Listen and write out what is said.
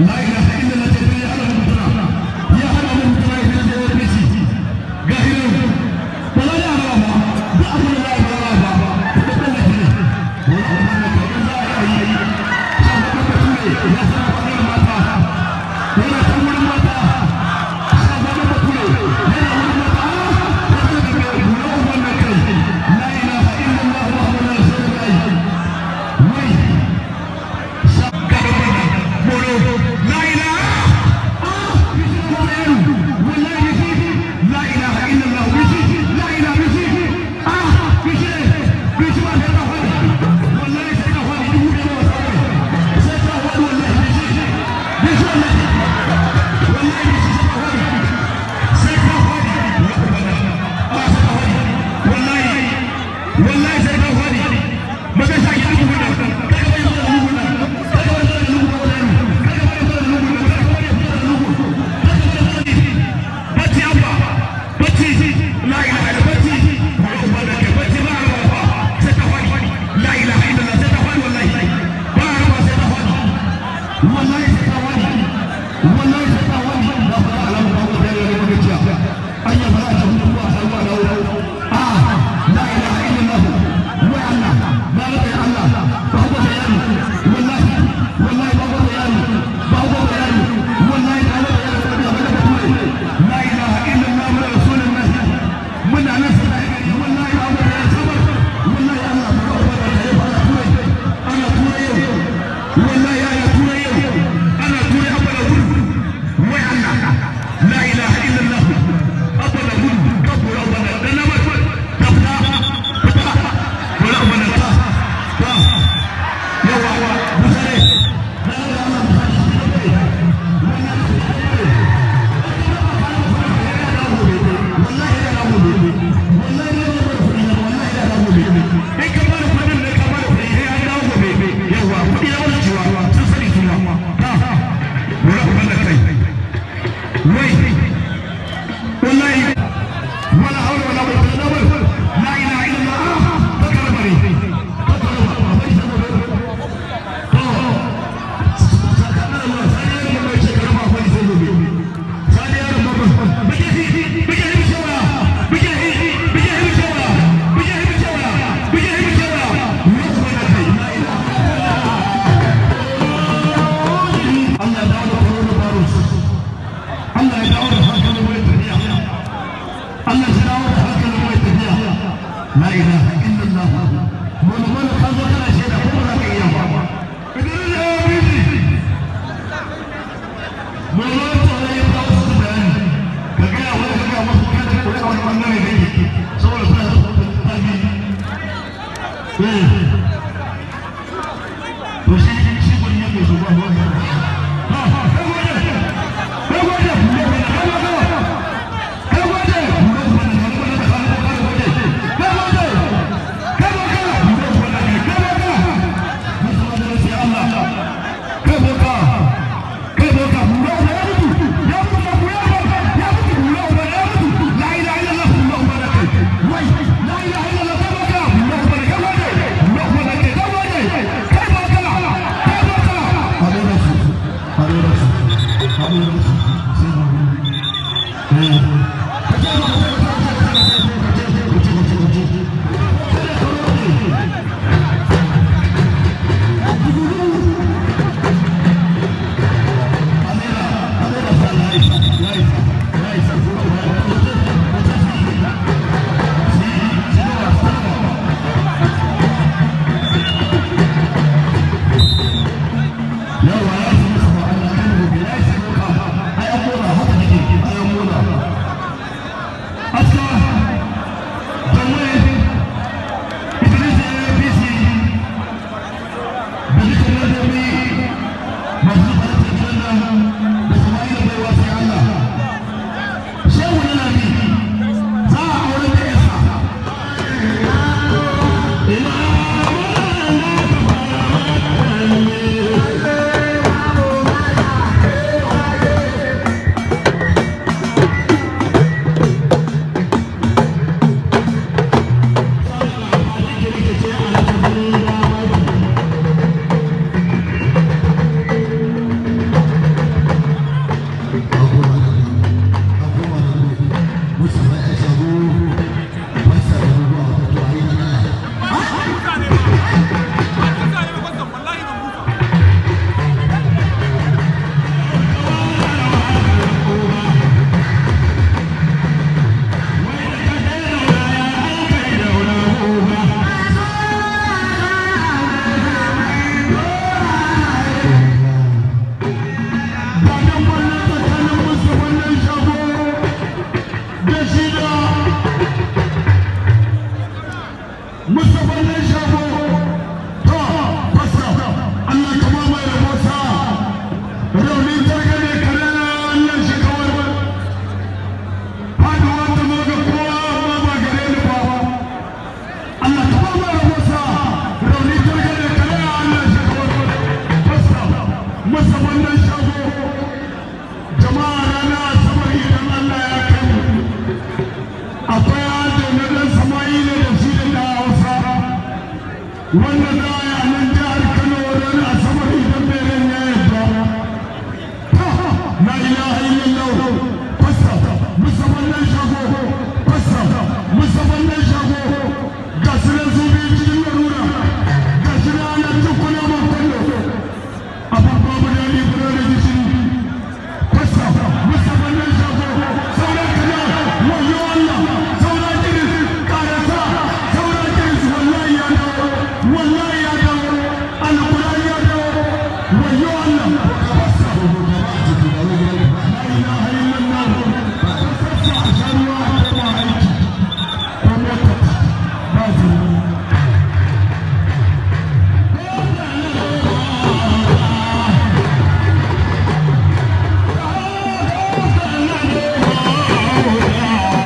Nice. Yes. الله جراو خلق الله يتبيع لا إله إلا الله من من خلق لا شيء قبل إياه إذن الأمين مولانا تعالى يبقى السبان كجاء ولا كجاء مخلوقات كلها ولا من نبي سوى الفاتح One